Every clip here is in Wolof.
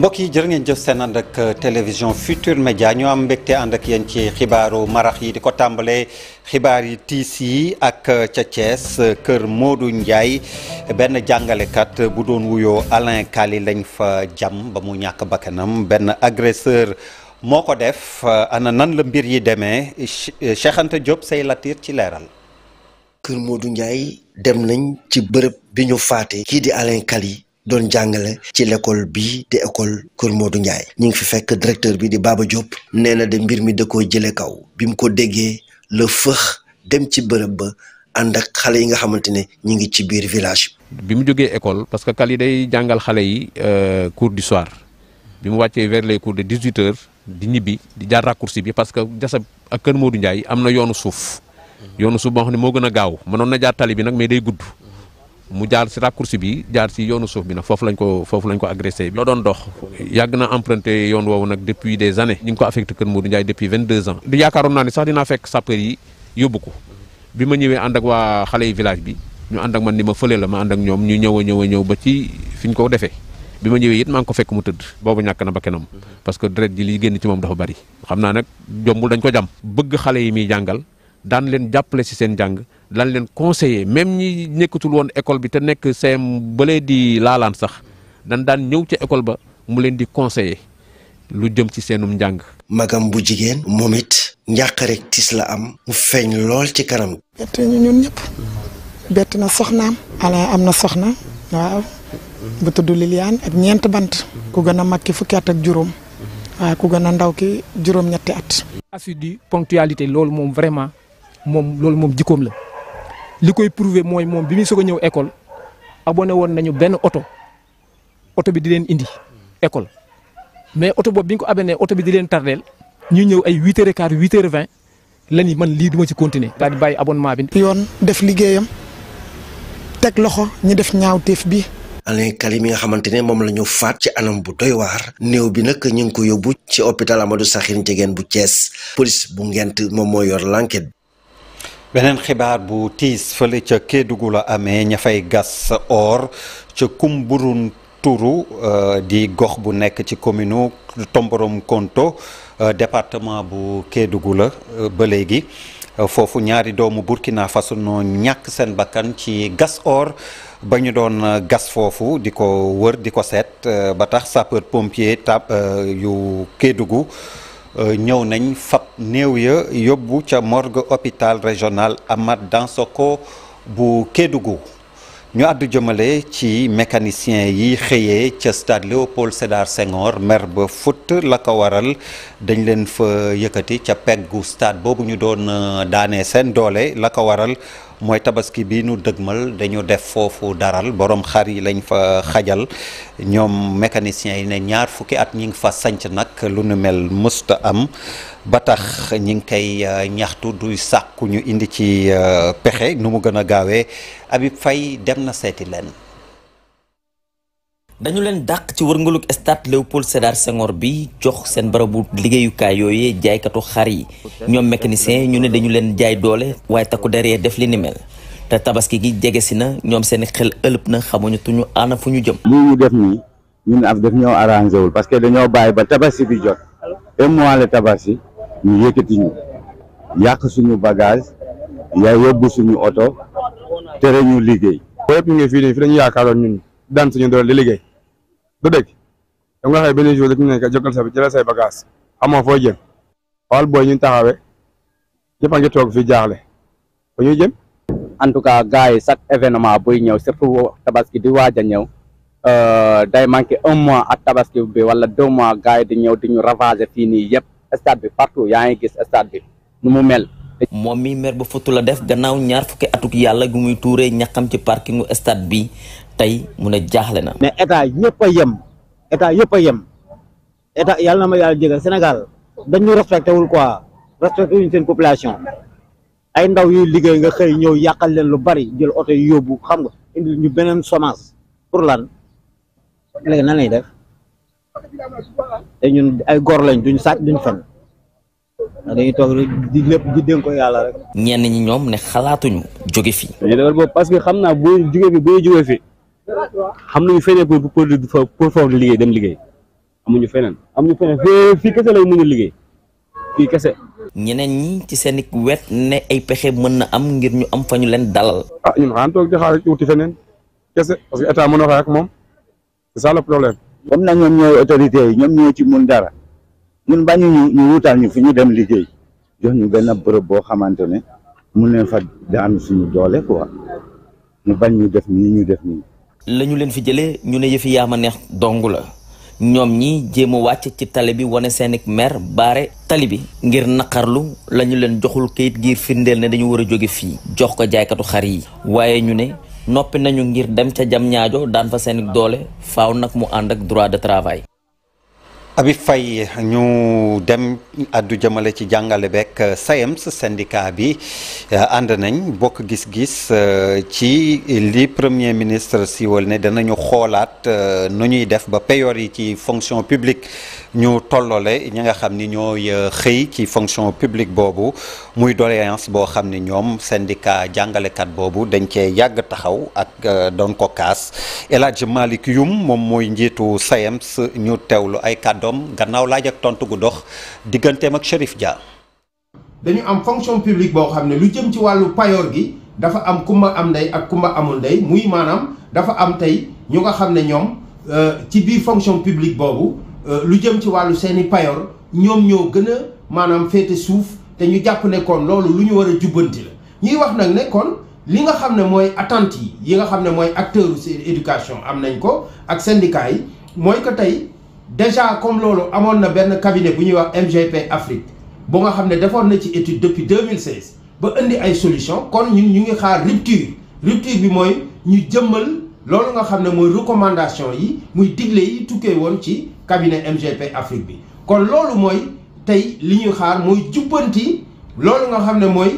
mbokk yi jër ngeen jëf seen ànd ak euh, télévision Futur Média ñoo am mbégte ànd ak yéen ci xibaaru marax yi di ko tàmbalee xibaar yi tiis yi ak euh, ca Thiès euh, kër Modou Ndiaye benn jàngalekat bu doon wuyo Alain Kali lañ fa jam ba mu ñàkk bakkanam benn agresseur moo ko def ana nan la mbir yi demee Cheikh Anta Diop say latir ci leeral. kër Modou Ndiaye dem nañ ci bërëb bi ñu faate kii di Alain Kali doon jàngale ci l'école bii di école Kër Modou Ndiaye ñu ngi fi fekk directeur bi di baaba Diop nee na de mbir mi da koo jële kaw bi mu ko déggee la fëx dem ci bërëb ba ànd ak xale yi nga xamante ne ñu ngi ci biir village bi mu jógee école parce que Kali day jàngal xale yi euh, cours du soir bi mu wàccee vers les cours de 18 heures di ñibbi di jaar raccourci bi parce que jasab ak Kër Modou Ndiaye am na yoonu suuf yoonu suuf boo xam ne moo gën a gaaw mënoon mu jaar si raccourci bi jaar si yoonu suuf bi nag foofu lañ ko foofu lañ ko agressé bi loo doon dox yàgg na emprunté yoon woowu nag depuis des années ñu ngi ko affecté Kër Modou Ndiaye depuis vingt deux ans di yaakaaroon naa ni sax dinaa fekk sapeur yi yóbbu ko bi ma ñëwee ànd ak waa xale yi village bi ñu ànd man ni ma fële la ma ànd ak ñoom ñu ñëw a ñëw a ñëw ba ci fi ñu ko defee bi ma ñëwee it maa ngi ko fekk mu tëdd boobu ñàkk na ba kenam parce que deret ji li génn ci moom dafa bari xam naa nag jombul dañ ko jàmm bëgg xale yi muy jàngal daan leen jàppale si seen jàng lan leen conseiller même ñi nekkatul woon école bi te nekk CM balee di laalaan sax dan daan ñëw ci école ba mu leen di conseiller lu jëm ci seenum njàng. magam bu jigéen moom it njàq rek tis la am mu feeñ lool ci kanam. bett ñu ñun bett na soxnaam. ala am na soxna waaw bu tudd Liliane ak ñeent bant. ku gën a mag ki fukki at ak juróom. waaw ku gën a ndaw ki juróom-ñetti at. assidu ponctualité loolu moom vraiment moom loolu moom jikkoom la. li koy prouver mooy moom bi muy soog a ñëw école abonné woon nañu benn oto oto bi di leen indi école mais oto boobu bi ñu ko abonné oto bi di leen tardeel ñu ñëw ay huit heures et quart huit heures vingt la ñu man lii du ma ci continuer daal di bàyyi abonnement bi. yoon def liggéeyam teg loxo ñi def ñaaw ñaawteef bi. Alain Kali mi nga xamante ne moom la ñu faat ci anam bu doy waar néew bi nag ñu ngi ko yóbbu ci hôpital Amadou Sakhir Ndiéguène bu Thiès police bu ngent moom mooy yor l'enquête beneen xibaar bu tiis fële ca Kédougou la amee ña fay gas or ca Kumburun turu euh, di gox bu nekk ci commune Tomborom Konto euh, département bu Kédougou la euh, ba léegi foofu ñaari doomu Burkina Faso noo ñàkk seen bakkan ci gas or ba ñu doon gas foofu di ko wër di ko seet ba tax sapeur pompier tab yu Kédougou ñëw nañ fab néew ya yóbbu ca morgue hôpital régional Amath Dansokho bu Kédougou ñu àddu jëmale ci mécanisiens yi xëyee ca stade Léopold Sédar Senghor mer ba fut la ko waral dañ leen fa yëkkati ca peggu stade boobu ñu doon euh, daanee seen doole la ko waral mooy tabaski bii nu dëgmal dañu def foofu daral borom xar yi lañ fa xajal ñoom mécaniciens yi ne ñaar fukki at ñi ngi fa sanc nag lu nu mel mësta am ba tax ñi ngi koy euh, ñaxtu duy sàkku ñu indi ci euh, pexe nu mu gën a gaawee abi fay dem na seeti leen dañu leen dàq ci wërngaluk stade Léopold Sédar Senghor bi jox seen barabu liggéeyukaay yooyee jaaykatu xar yi ñoom mécanicien ñu ne dañu leen jaay doole waaye takku deree def li ni mel te tabaski gi jege si na ñoom seen xel ëlëb na xamuñu tuñu ana fu ñu jëm. lii ñu def nii ñun af daf ñoo arrangé wul parce que dañoo bàyyi ba tabaski bi jot te mois la tabaski ñu yëkkati ñu yàq suñu bagage yaa yóbbu suñu oto tere ñu liggéey. boo yëpp ñu ngi fii nii fi du dëgg dam nga xëy benn jour rek ñu ne ka jógal sa jëlal say bagage xamoo foo jëm xool booy ñu taxawee ñëpp a ngi toog fi jaaxle ba ñuy jëm. en tout cas gars yi chaque événement buy ñëw surtout tabaski di waaj a ñëw euh, day manqué un mois ak tabaski bi wala deux mois gars yi di ñëw di ñu ravager fii nii yëpp stade bi partout yaa ngi gis stade bi nu mu mel. moom mi mer ba fotu la def gannaaw ñaar fukki atuk yàlla gu muy tuuree ñaqam ci parkingu stade bi tey mu ne jaaxle na. mais état ñëpp a yem état yëpp a yem état yàlla na ma yàlla jégal Sénégal dañu respecté wul quoi respecté wuñ seen population ay ndaw yuy liggéey nga xëy ñëw yàqal leen lu bari jël oto yi yóbbu xam nga indi ñu beneen semence pour lan léegi na lay de te ñun ay góor lañ duñ sàcc duñ fen dañuy toog rek di lépp di ko yàlla rek. ñenn ñi ñoom ne xalaatuñu jóge fi. parce que xam naa boo jóge fi boo jóge fi. xam na nañu feneen pour pour pour foofu di liggéey dem liggéey amuñu feneen amuñu feneen fii kese la mën a liggéey fii kese. ñeneen ñi ci seen wet ne ay pexe mën na am ngir ñu am fa ñu leen dalal. a ah, ñu xanaa toog di xaar wuti feneen kese parce que état mën a wax ak moom c'est ça le problème. comme nag ñoom ñooy autorités yi ñoom ñoo ci mun dara ñun bañu ñu ñu wutal ñu fu ñu dem liggéey jox ñu gën a bërëb boo xamante ne mun leen fa daanu suñu doole quoi ñu bañ ñu def nii ñu def nii. lañu leen fi jëlee ñu ne yëfi yaama neex dong la ñoom ñi jéem a wàcc ci tali bi wane seenik mer baare tali bi ngir naqarlu lañu leen joxul kayit ngir firndeel ne dañu war a jóge fii jox ko jaaykatu xar yi waaye ñu ne noppi nañu ngir dem ca jam ñaajo daan fa seenik doole faw nag mu ànd ak droit de travail Habib Faye ñu dem addu jamale ci jàngale beeg euh, SAEMS syndicat bi euh, ànd nañ bokk gis-gis euh, ci li premier ministre siiwal ne danañu xoolaat nu ñuy def ba payoor yi ci fonction publique ñu tolloole ñi nga xam ni ñooy euh, xëy ci fonction publique boobu muy doléance boo xam ni ñoom syndicat jàngalekat boobu dañ cee yàgg taxaw ak euh, doon ko kaas El Hadj Malick Youm moom mooy njiitu SAEMS ñu teewlu ay kàddoom gannaaw laaj ak tontu gu dox digganteem ak Chérif Dia. dañu am fonction publique boo xam ne lu jëm ci wàllu payoor gi dafa am kumba am ndey ak kumba amul ndey muy maanaam dafa am tey ñu nga xam ne ñoom euh, ci biir fonction publique boobu. Euh, lu jëm ci wàllu seeni i payoor ñoom ñoo gën a maanaam féete suuf te ñu jàpp nekkoon loolu lu ñu war a jubbanti la ñuy wax nag nekkoon li nga xam ne mooy attente yi nga xam ne mooy acteur seen éducation am nañ ko ak syndicat yi mooy que tey déjà comme loolu amoon na benn cabinet bu ñuy wax MGP Afrique bu nga xam ne defoon na ci étude depuis 2016 ba indi ay solution kon ñun ñu ngi xaar rupture rupture bi mooy ñu jëmbal loolu nga xam ne mooy recommandation yi muy digle yi tukkee woon ci cabinet MGP Afrique bi kon loolu mooy tey li ñuy xaar mooy jubbanti loolu nga xam ne mooy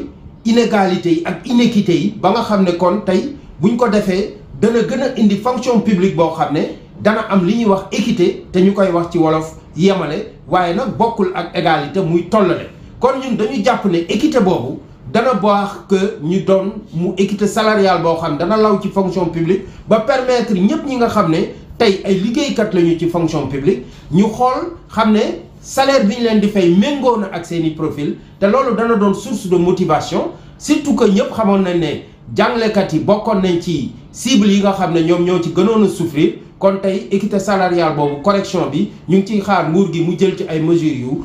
inégalité yi ak inéquité yi ba nga xam ne kon tey buñ ko defee dana gën a indi fonction publique boo xam ne dana am li ñuy wax équité te ñu koy wax ci wolof yemale waaye nag bokkul ak égalité muy tollale kon ñun dañu jàpp ne équité boobu dana baax que ñu doon mu équite salariale boo xam dana law ci fonction publique ba permettre ñëpp ñi nga xam ne tey ay liggéeykat lañu ci fonction publique ñu xool xam ne salaire bi ñu leen di fay méngoo na ak seeni profil te loolu dana doon source de motivation surtout que ñëpp xamoon nañ ne jàngalekat yi bokkoon nañ ci cible yi nga xam ne ñoom ñoo ci gënoon a souffrir kon tey équité salariale boobu correction bi ñu ngi ciy xaar nguur gi mu jël ci ay mesures yu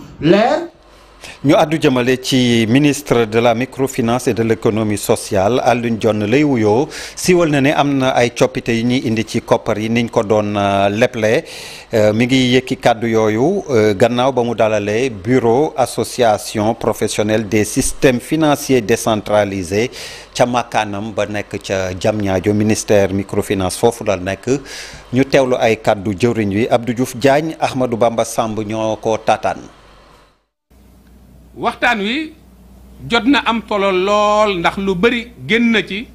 ñu àddu jëmale ci ministre de la microfinance et de l'économie sociale Alioune Dione lay wuyoo siiwal na ne am na ay coppite yu ñuy indi ci koppar yi niñ ko doon euh, leble euh, mi ngi yëkki kàddu yooyu euh, gannaaw ba mu dalalee bureau association professionnelle des systèmes financiers décentralisés ca makaanam ba nekk ca Diamniadio ministère microfinance foofu dal nekk ñu teewlu ay kàddu jëwriñ wi Abdou Diouf Diagne Ahmadou Bamba Samb ñoo ko taataan waxtaan wi jot na am solo lool ndax lu bëri génn na ci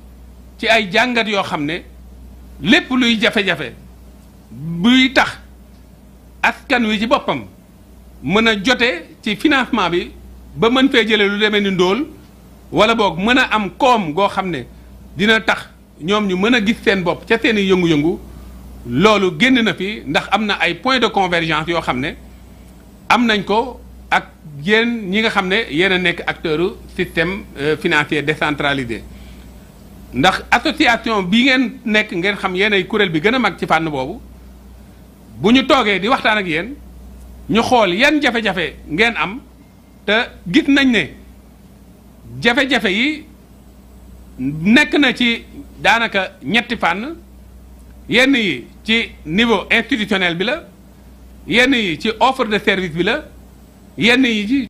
ci ay jàngat yoo xam ne lépp luy jafe-jafe buy tax askan wi ci boppam mën a jote ci financement bi ba mën fee jëlee lu demee ni ndóol wala boog mën a am koom goo xam ne dina tax ñoom ñu mën a gis seen bopp ca seen yëngu-yëngu loolu génn na fi ndax am na ay points de convergence yoo xam ne am nañ ko yéen ñi nga xam ne yéen a nekk acteur système euh, financier décentralisé ndax association bi ngeen nekk ngeen xam yéen ay kuréel bi gën a mag ci fànn boobu bu ñu toogee di waxtaan ak yéen ñu xool yan jafe-jafe ngeen am te gis nañ ne jafe-jafe yi nekk na ci daanaka ñetti fànn yenn yi ci niveau institutionnel bi la yenn yi ci offre de service bi la yenn yi ci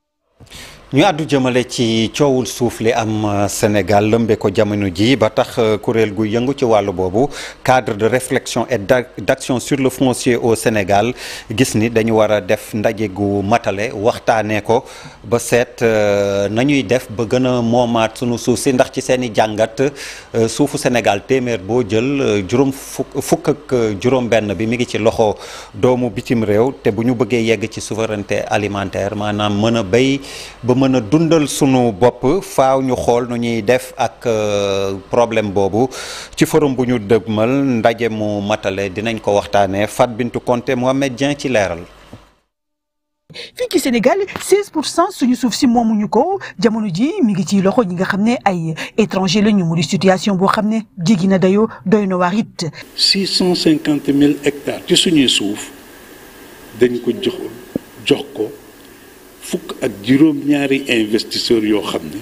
ñu àddu jëmale ci coowul suuf li am euh, Sénégal lëmbe ko jamono ji ba tax euh, kuréel gu yëngu ci wàllu boobu cadre de réflexion et d'action sur le foncier au Sénégal gis ni dañu war a def ndaje gu matale waxtaanee ko ba seet euh, nañuy def ba gën a moomaat sunu suuf si ndax ci seen i jàngat suufu Sénégal téeméer boo jël juróom fukk ak juróom-benn bi mi ngi ci loxo doomu bitim réew te bu ñu bëggee yegg ci souveraineté alimentaire maanaam mën a ba mën a dundal suñu bopp faaw ñu xool nu ñuy def ak euh, problème boobu ci forum bu ñu dëgmal ndaje mu matale dinañ ko waxtaanee Fat Bintou Konté Mohamed Dieng ci leeral. fii ci Sénégal 16 cent suñu suuf si moomuñu ko jamono ji mi ngi ci loxo ñi nga xam ne ay étranger la ñu mu di situation boo xam ne jéggi na dayoo doy na waar it. 650 000 hectares ci suñuy suuf dañ ko jox ko. fukk ak juróom-ñaari investisseurs yoo xam ne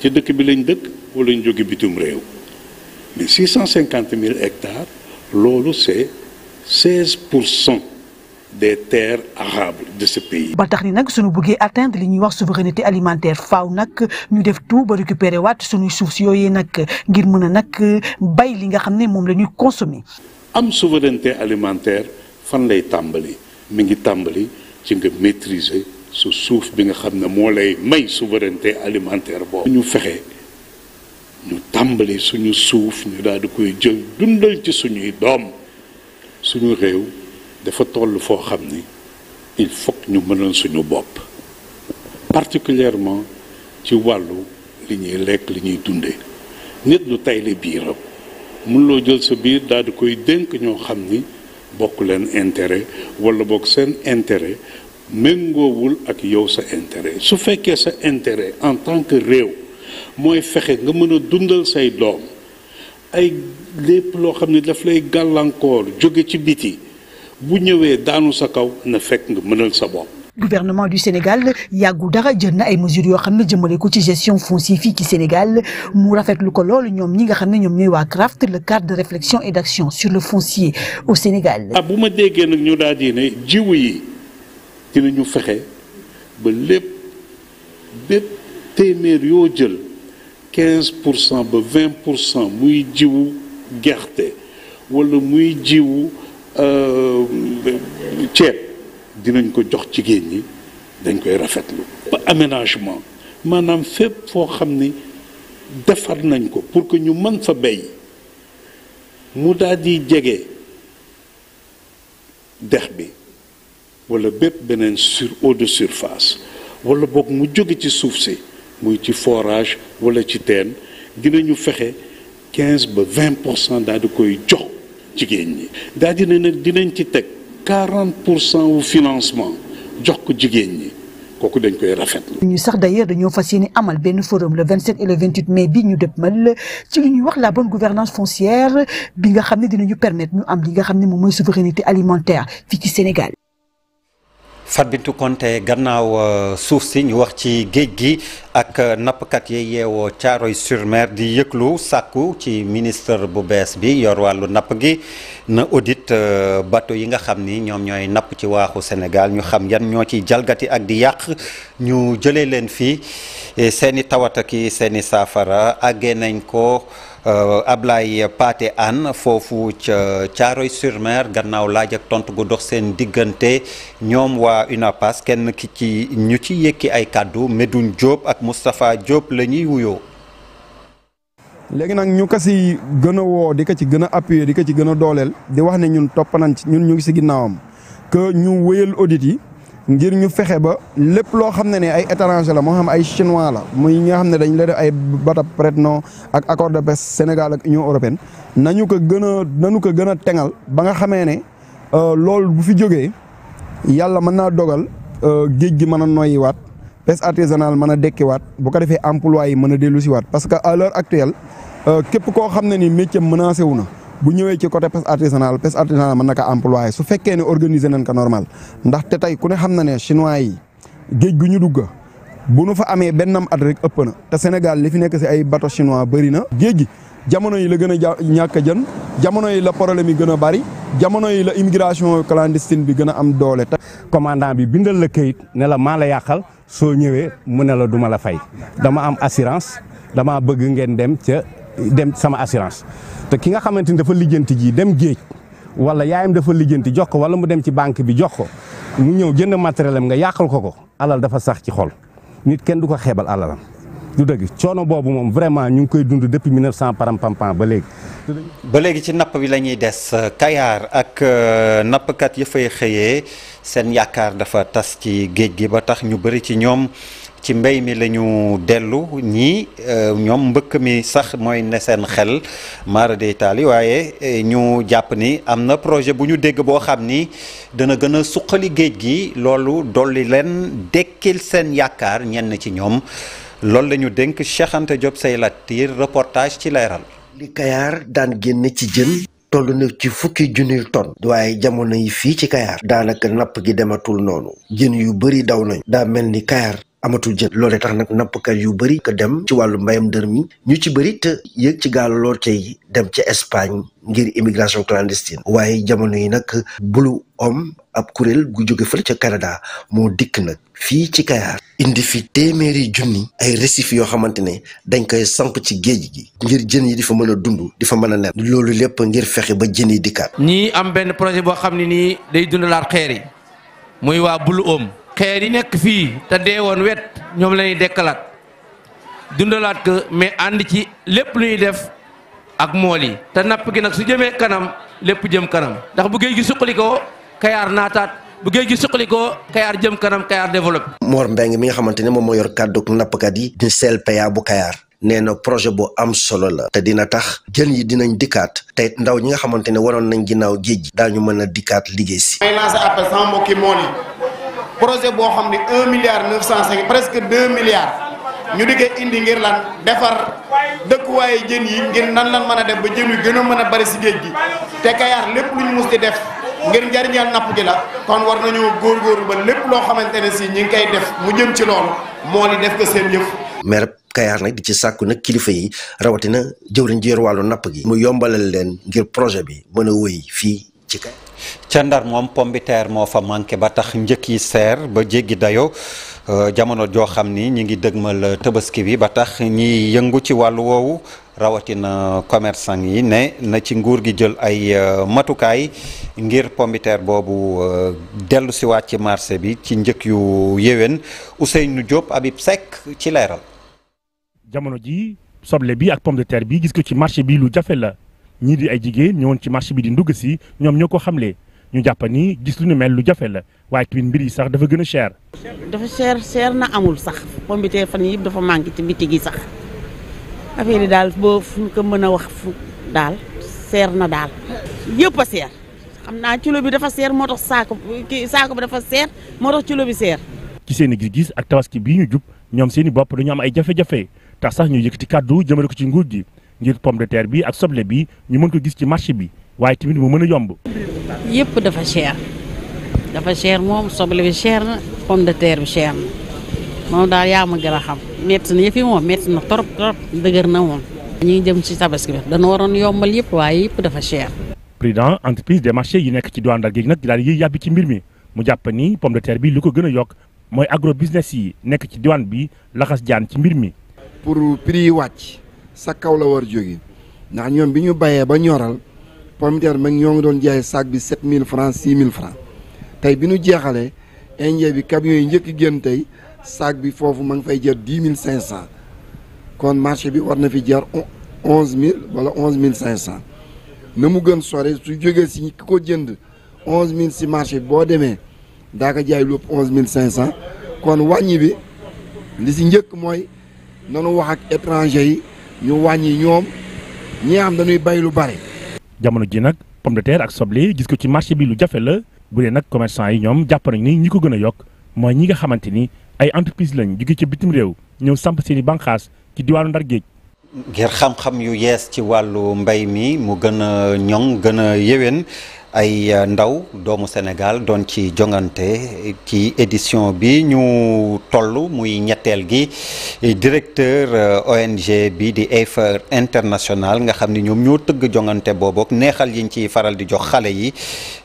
ci dëkk bi lañ dëkk wala ñu jóge bitum réew mais six cent cinquante mille hectares loolu c'est seize pour cent des terres arables de ce pays. ba tax ni nag suñu bëggee atteindre li ñuy wax souveraineté alimentaire faaw nag ñu def tout ba récupérer waat suñuy suuf si yooyu nag ngir mun a nag bay li nga xam ne moom la ñuy consommer. am souveraineté alimentaire fan lay tàmbali mi ngi tàmbali ci nga maîtriser. su suuf bi nga xam ne moo lay may souveraineté alimentaire boobu ñu fexe ñu tàmbali suñu suuf ñu daal di koy jël dundal ci suñuy doom suñu réew dafa toll foo xam ni il faut ñu mënal suñu bopp particulièrement ci wàllu li ñuy lekk li ñuy dunde nit ñu tay le biiram loo jël sa biir daal di koy dénk ñoo xam ni bokk leen intérêt wala bokk seen intéret méngoowul ak yow sa intérêt su fekkee sa intérêt en tant que réew mooy fexe nga mën a dundal say doom ay lépp loo xam ne daf lay gàllankoor jóge ci biti bu ñëwee daanu sa kaw na fekk nga mënal sa bopp. gouvernement du Sénégal yàggu dara jël na ay mesures yoo xam ne jëmale ko ci gestion foncière fii ci Sénégal mu rafetlu ko loolu ñoom ñi nga xam ne ñoom ñooy waa CRAFT le cadre de réflexion et d'action sur le foncier au Sénégal. ah bu ma déggee nag ñu daal di ne jiwu yi. ñu fexe ba lépp bépp téeméer yoo jël quinze pour cent ba vingt pour cent muy jiwu gerte wala muy jiwu euh, ceeb dinañ ko jox ci jigéen ñi dañ koy rafetlu ba aménagement maanaam fépp foo xam ni defar nañ ko pour que ñu mën fa bey mu daal jege dex bi wala bépp beneen sur eau de surface wala boog mu jóge ci suuf si muy ci forage wala ci teen ñu fexe quinze ba vingt pour cent daal di koy jox jigéen ñi daal dina nag dinañ ci teg quarante pour cent wu financement jox ko jigéen ñi kooku dañ koy rafetlu. ñu sax d'ailleurs dañoo fas amal benn forum le 27 et le 28 mai bi ñu dëppmal ci li ñuy wax la bonne gouvernance foncière bi nga xam ne dinañu permettre ñu am li nga xam ne moom mooy souveraineté alimentaire fii ci Sénégal. Fat Bintou Konté gannaaw euh, suuf si ñu wax ci géej gi ak euh, nappkat yi yeewoo Caaroy sur Mer di yëglu sàkku ci ministre bu bees bi yor wàllu napp gi na audit euh, bateau yi nga xam ni ñoom ñooy napp ci waaxu Sénégal ñu xam yan ñoo ciy jalgati ak di yàq ñu jëlee leen fii eh, seeni tawataki ak seeni saafara àggee nañ ko. Euh, Ablaye Pathé Anne foofu ca caaroy sur gannaaw laaj ak tontu gu dox seen diggante ñoom waa UNAPAS kenn ki ci ñu ci yëkki ay kàddu Medoune Diop ak Moustapha Diop lañuy wuyo léegi nag ñu ko ci gën a woo di ko ci gën a appuyer di ko ci gën a dooleel di wax ne ñun topp ci ñun ñu ngi ci ginnaawam que ñu wéyal audit yi. ngir ñu fexe ba lépp loo xam ne ne ay étranger la moo xam ay chinois la muy ñi xam ne dañu la def ay bata prête-nom ak accord de paix Sénégal ak Union européenne nañu ko gën a nañu ko gën a tengal ba nga xamee ne euh, loolu bu fi jógee yàlla mën naa dogal euh, géej gi mën a noyyiwaat pêche artisanale mën a dekkiwaat bu ko defee emploi yi mën a dellu siwaat parce que à l'heure actuelle euh, képp koo xam ne ni métier menacé wu na bu ñëwee ci côté pêche artisanale pêche artisanale mën na ko employé su fekkee ne organiser nañ ko normal ndaxte tey ku ne xam na ne chinois yi géej gu ñu dugg bu nu fa amee benn am at rek ëpp na te Sénégal li fi nekk si ay bato chinois bëri na. géej gi jamono yi la gën a ñàkk a jën jamono yi la problème yi gën a bëri jamono yi la immigration clandestine bi gën a am doole. commandant bi bindal la këyit ne la maa la yàqal soo ñëwee mu ne la duma la fay dama am assurance dama bëgg ngeen dem ca dem sama assurance. te ki nga xamante ni dafa lijjanti ji dem géej wala yaayam dafa lijjanti jox ko wala mu dem ci banque bi jox ko mu ñëw jënd matériel am nga yàqal ko ko alal dafa sax ci xol nit kenn du ko xeebal alalam. du dëgg coono boobu moom vraiment ñu ngi koy dund depuis 1900 parampampam ba léegi. ba léegi ci napp bi la des kayaar ak euh, nappkat ya fay xëyee seen yaakaar dafa tas ci géej gi ba tax ñu bëri ci ñoom. ci mbéy mi lañu ñu dellu ñii euh, ñoom mbëkk mi sax mooy na seen xel maara day taali waaye euh, ñu jàpp ni am na projet bu ñu dégg boo xam ni dana gën a suqali géej gi loolu dolli leen dekkil seen yaakaar ñenn ci ñoom loolu lañu ñu dénk Cheikh Anta Diop say latir reportage ci leeral li Kayar daan génn ci jën toll na ci fukki junniy ton waaye jamono yi fii ci Kayar daanaka napp gi dematul noonu jën yu bari daw nañ daa mel ni Kayar amatul jën loolee tax nag nappkat yu bëri ko dem ci wàllu mbayam dër mi ñu ci bëri te yéeg ci gaal lool tey dem ca Espagne ngir immigration clandestine waaye jamono yi nag bulu om ab kuréel gu jóge fële ca Canada moo dikk nag fii ci Kayar indi fi téeméeri junni ay récifs yoo xamante ne dañ koy samp ci géej gi ngir jën yi di fa mën a dund di fa mën a nen loolu lépp ngir fexe ba jën yi dikkaat ñii am benn projet boo xam ne nii day dundalaat xeer xeer yi nekk fii te dee woon wet ñoom lañuy ñuy dekkalaat dundalaat ko mais ànd ci lépp lu def ak mool yi te napp gi nag su jëmee kanam lépp jëm kanam ndax bu gi suqali kayaar naataat buggee gi suqali ko kayaar jëm kanam kayaar développé. moor Mbengue mi nga xamante ne moom moo yor kaddu nappkat yi di CLPA bu kayaar. nee na projet bu am solo la te dina tax jën yi dinañ dikkaat te ndaw ñi nga xamante ne waroon nañ ginnaaw géej gi daañu mën a dikkaat liggéey si. projet boo xam ne un milliard neuf cent presque deux milliards ñu di ko indi ngir lan defar waaye jën yi ngir nan lan mën a def ba jën yu gën a mën a bari si géej gi te Kayar lépp lu ñu mus di def ngir njariñal napp gi la kon war nañoo góorgóorlu ba lépp loo xamante ne si ñi ngi koy def mu jëm ci loolu moo li def ko seen yëf. maire Kayar nag di ci sàkku nag kilifa yi rawatina jëwriñ ji wàllu napp gi. mu yombalal leen ngir projet bi mën a woy fii ci Kayar. ca ndar moom pombiteer moo fa manqué ba tax njëkk yi seer ba jéggi dayo euh, jamono joo xam ni ñi ngi dëgmal tabaski bi ba tax ñiy yëngu ci wàll woowu rawatina commerçant yi ne na ci nguur gi jël ay euh, matukaay ngir pombiteer boobu euh, dellu si waat ci marché bi ci njëkk yu yéwén Ousseynou Diop Habib Seck ci leeral jamono ji soble bi ak pomme de terre bi gis ko ci marché bi lu jafe la ñii di ay jigéen ñëwoon ci marché bi di ndugg si ñoom ñoo ko xamle ñu jàpp ni gis lu ñu mel lu jafe la waaye tamit mbir yi sax dafa gën a cher. dafa cher cher na amul sax pombiteer fan yëpp dafa manqué ci bitig yi sax affaire yi daal boo mën a wax fu daal na daal yëpp a seer naa kilo bi dafa seer moo saako saako bi dafa seer moo tax bi seer. ci seen i gis-gis ak tabaski bii ñu jub ñoom seeni bopp dañu am ay jafe-jafe tax sax ñu yëkkati kàddu jëmale ko ci nguur gi. ngir pomme de terre bi ak soble bi ñu mën ko gis ci marché bi waaye tamit mu mën a yomb. yëpp dafa cher dafa cher moom soble bi cher na pomme de terre bi cher na moom daal yaa ma gën a xam métti na yëf yi moom métti na trop trop dëgër na moom. ñu ngi jëm ci tabaski bi dana waroon yombal yëpp waaye yëpp dafa cher. président entreprise des marchés yi nekk ci diwaan Ndar gi nag daal yiy yàbbi ci mbir mi mu jàpp ni pomme de terre bi li ko gën a yokk mooy agro business yi nekk ci diwaan bi laxas jaan ci mbir mi. pour prix sa kaw la war jóge ndax ñoom bi ñu bayee ba ñoral pomme de terre mag ñoo ngi doon jaay sac bi sept mille francs six mille francs tey bi ñu jeexalee indien bi camion yi njëkk génn tey sac bi foofu ma fay jar dix mille cinq cent kon marché bi war na fi jar onze mille wala onze mille cinq cent na mu gën sore su jógee si ki ko jënd onze mille si marché boo demee daa ko jaay lu onze mille cinq cent kon wàññi bi li si njëkk mooy nanu wax ak étranger yi ñu wàññi ñoom ñi am xam dañuy bay lu bare. jamono ji nag pomme de terre ak soble gis ko ci marché bi lu jafe la bu dee nag commerçant yi ñoom jàpp nañ ni ñi ko gën a yokk mooy ñi nga xamante ni ay entreprise lañ jóge ci bitim réew ñëw samp seen i bànqaas ci diwaanu Ndar Géej ngir xam-xam yu yees ci wàllu mbay mi mu gën a ñoŋ gën a yéwén ay euh, ndaw doomu senegal doon ci jongante ci édition bi ñu toll muy ñetteel gi directeur euh, ONG bi di AFER International nga xam ni ñoom ñoo tëgg jongante boobook neexal yiñ ci faral di jox xale yi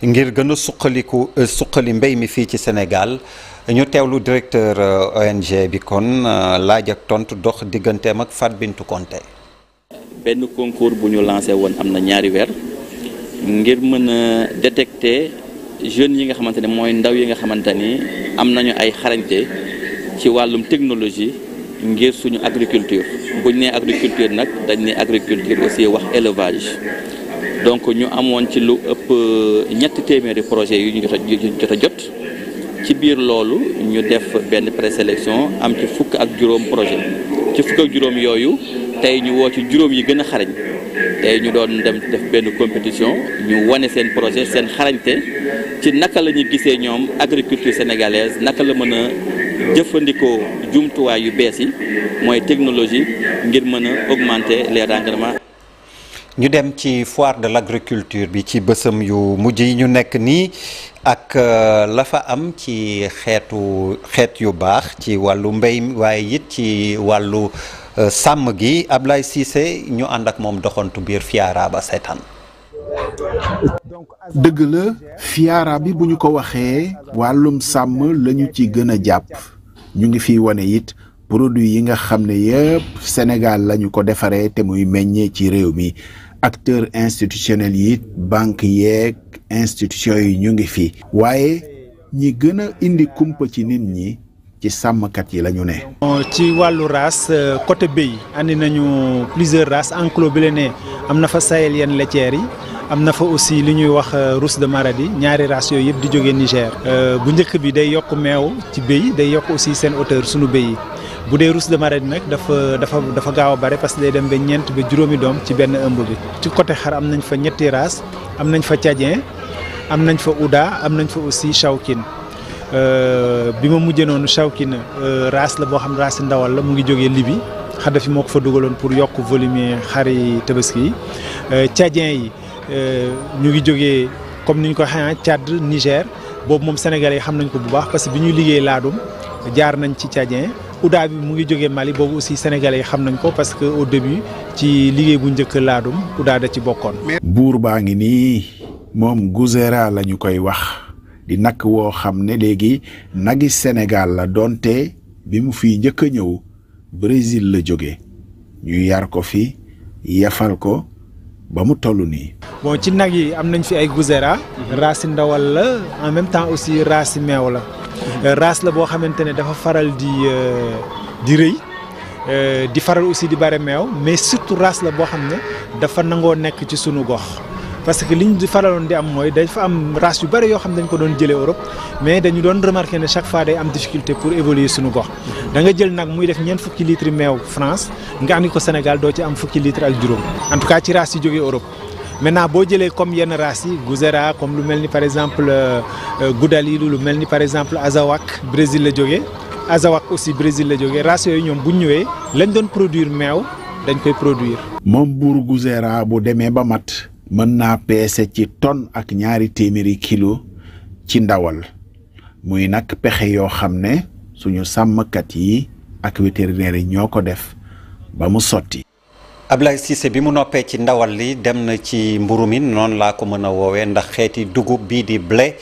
ngir gën a suqaliku euh, suqali mbay mi fii ci Sénégal ñu teewlu directeur euh, ONG bi kon euh, laaj ak tontu dox digganteem ak Fat bintu Konté benn concours bu ñu lancé woon am na ñaari weer ngir mën a détecter jeunes yi nga xamante ne mooy ndaw yi nga xamante ni am nañu ay xarañte ci wàllum technologie ngir suñu agriculture buñ nee agriculture nag dañ ne agriculture aussi wax élevage donc ñu amoon ci lu ëpp euh, ñett téeméeri projet yu ñu jot jot ci biir loolu ñu def benn présélection am ci fukk ak juróom projet ci fukk ak juróom yooyu tey ñu woo ci juróom yi gën a xarañ tey ñu doon dem def benn compétition ñu wane seen projet seen xarañte ci naka la ñu gisee ñoom agriculture sénégalaise naka la mën a jëfandikoo jumtuwaay yu bees yi mooy technologie ngir mën a augmenter les rendements ñu dem ci foire de l'agriculture bi ci bësëm yu mujj yi ñu nekk nii ak euh, la fa am ci xeetu xeet yu baax ci wàllu mbéy waaye it ci wàllu euh, sàmm gi Ablaye Cissé ñu ànd ak moom doxantu biir Fiara ba seetaan. dëgg la Fiara bi bu ñu ko waxee wàllum sàmm lañu ci gën a jàpp ñu ngi fi wane it. produit yi nga xam ne yëpp Sénégal lañu ko defaree te muy meññee ci réew mi acteurs institutionnels yi banque yeeg institution yi ñu ngi fi. waaye ñi gën a indi kumpa ci nit ñi ci sàmmkat yi la ñu ne. ci wàllu race euh, côté béy andi nañu plusieurs race enclos bi la ne am na fa sahélienne laitière yi. am na fa aussi li ñuy wax euh, rousse de maradi ñaari races yooyu yëpp di jóge Niger. Euh, bu njëkk bi day yokk meew ci béy day yokk aussi seen hauteur sunu béy yi. bu dee rousse de marraine nag dafa dafa dafa gaaw a bare parce que day dem ba ñeent ba juróomi doom ci benn ëmb bi. ci côté xar am nañ fa ñetti race am nañ fa tchadien am nañ fa ouda am nañ fa aussi chawkin euh, bi ma mujjee noonu chawkin euh, race la boo xam race ndawal la mu ngi jógee Libye Xadafi moo ko fa dugaloon pour yokk volume xari tabaski yi euh, tchadien yi ñu ngi jógee comme ni ñu ko waxee Tchad Niger boobu moom sénégalais yi xam nañ ko bu baax parce que bi ñuy liggéey laadum jaar nañ ci tchadien. Ouda bi mu ngi jógee Mali boobu aussi sénégalais yi xam nañ ko parce que au début ci liggéey bu njëkk laadum Ouda da ci bokkoon. buur baa ngi nii moom Guzera la ñu koy wax di nag woo xam ne léegi nagi Sénégal la doonte bi mu fi njëkk a ñëw Brésil la jóge ñu yar ko fi yafal ko. ba mu toll nii. bon ci nag yi am nañ fi ay Guzera. Mhm. raasi ndawal la en même temps aussi raasi meew la. Euh, race la boo xamante ne dafa faral di euh, di rëy euh, di faral aussi di bare meew mais surtout race la boo xam ne dafa nangoo nekk ci sunu gox. parce que liñ di faraloon di am mooy dafa am race yu bëri yoo xam ne dañ ko doon jëlee Europe mais dañu doon remarqué ne chaque fois day am difficulté pour évoluer suñu gox da nga jël nag muy def ñeent fukki litre meew France nga andi ko Sénégal doo ci am fukki litre ak juróom en tout cas ci race yi jógee Europe. maintenant boo jëlee comme yenn races yi Gouzera comme lu mel ni par exemple euh, euh, Goudalilu lu mel ni par exemple Azawak Brésil la jóge Azawak aussi Brésil la jóge races yooyu ñoom bu ñu ñëwee lañ doon produire meew dañ koy produire. moom buur Gouzera bu demee ba mat mën naa peese ci tonne ak ñaari téeméeri kilo ci ndawal muy nag pexe yoo xam ne suñu sàmmkat yi ak vétérinaire yi ñoo ko def ba mu sotti. Ablaye Cissé bi mu noppee ci ndawal li dem na ci mburumin noonu laa ko mën a woowee ndax xeeti dugub bii di blé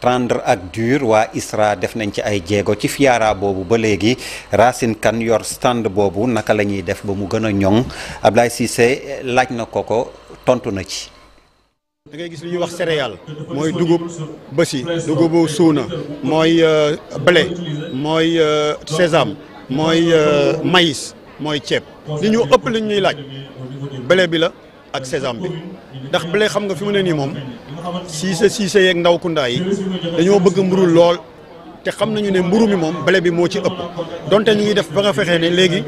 tendre ak dur waa ISRA def nañ ci ay jéego ci fiyaara boobu ba léegi Racine Kane yor stand boobu naka la ñuy def ba mu gën a ñoŋ Ablaye Cissé laaj na ko ko tontu na ci. da ngay gis lu ñuy wax céréale mooy dugub bësi dugubu suuna mooy euh, blé mooy euh, sésame mooy euh, maïs mooy ceeb. li ñu ëpp li ñuy laaj blé bi la ak sésame bi ndax blé xam nga fi mu ne nii moom siise siise yeeg ndaw kundaa yi dañoo bëgg mburu lool te xam nañu ne mburu mi moom blé bi moo ci ëpp donte ñu ngi def ba nga fexee ne léegi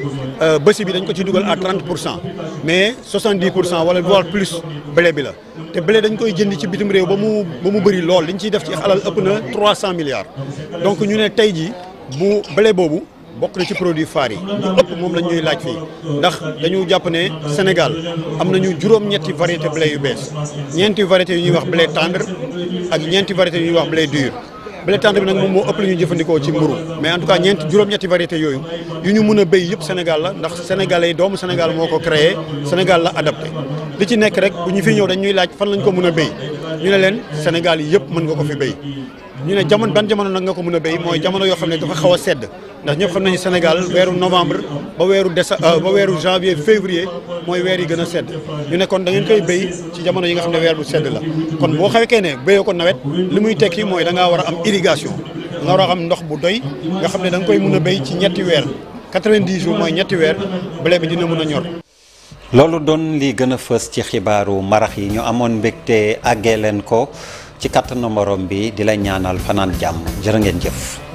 euh, bési bi dañ ko ci dugal à 30 pour cent mais 70 pour cent wala voire plus blé bi la te bële dañ koy jënd ci bitim réew ba mu ba mu bëri lool liñ ciy def ci alal ëpp na 300 milliards donc ñu ne tey ji bu blé boobu bokk na ci produit phares yi lu ëpp moom lañ ñuy laaj fii ndax dañu jàpp ne Sénégal am nañu juróom-ñetti variété blé yu bees ñeenti variété yu ñuy wax blé tendre ak ñeenti variété yu ñuy wax blé dur blé tendre bi nag moom moo ëpp lu ñuy jëfandikoo ci mburu mais en tout cas ñeenti juróom-ñetti variété yooyu yu ñu mën a béy yëpp Sénégal la ndax sénégalais doomu Sénégal moo ko créé Sénégal la adapté li ci nekk rek bu ñu fi ñëw dañ ñuy laaj fan lañ ko mën a béy ñu ne leen Sénégal yëpp mën nga ko fi béy ñu ne jamono ban jamono nag nga ko mën a béy mooy jamono yoo xam ne dafa xaw a sedd ndax ñëpp xam nañu Sénégal weeru novembre ba weeru déce euh, ba weeru janvier février mooy weer yi gën a sedd ñu ne kon da koy béy ci jamono yi nga xam ne weer bu sedd la kon boo xawekee ne béyoo ko nawet li muy tekki mooy da war a am irrigation da war a am ndox bu doy nga xam ne da nga koy mën a béy ci ñetti weer 90 jours mooy ñetti weer blé bi dina mën a ñor loolu doon li gën a fës ci xibaaru marax yi ñu amoon mbégte àggee leen ko ci kattanu morom bi di la ñaanal fanaan jàmm jërë ngeen jëf